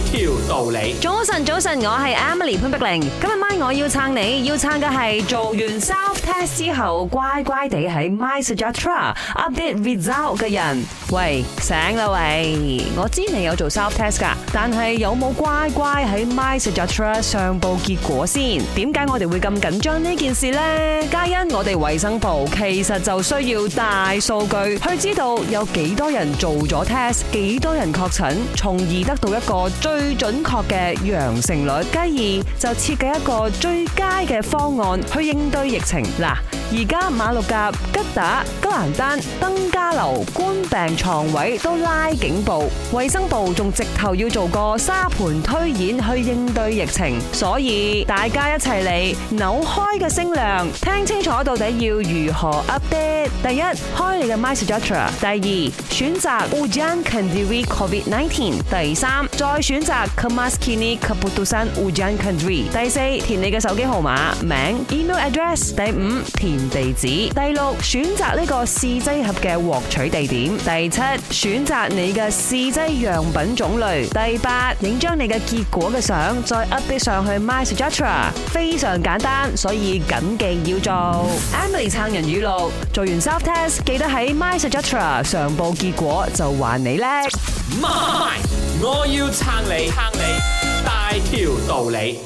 條道理。早晨，早晨，我係 Emily 潘碧玲。今日晚我要撐你，要撐嘅係做完 self test 之後乖乖地喺 MySejahtera update result 嘅人。喂，醒啦喂！我知你有做 self test 噶，但係有冇乖乖喺 MySejahtera 上報結果先？點解我哋會咁緊張呢件事呢？皆因我哋衛生部其實就需要大數據去知道有幾多人做咗 test，幾多人確診，從而得到一個。最準確嘅陽性率，繼而就設計一個最佳嘅方案去應對疫情。而家馬六甲、吉打、吉蘭丹、登嘉樓、官病床位都拉警報，衛生部仲直頭要做個沙盤推演去應對疫情，所以大家一齊嚟，扭開個聲量，聽清楚到底要如何 update。第一，開你嘅 MySejahtera。第二，選擇 Ujian Kendiri Covid Nineteen。第三，再選擇 Kemaskini Keputusan Ujian Kendiri。第四，填你嘅手機號碼、名、email address。第五，填。地址第六選擇呢個試劑盒嘅獲取地點，第七選擇你嘅試劑樣品種類，第八影張你嘅結果嘅相再 update 上去 my suggestra 非常簡單，所以謹記要做 Emily 撐人語錄，做完 self test 記得喺 my suggestra 上報結果就還你叻。My 我要撐你撐你大條道理。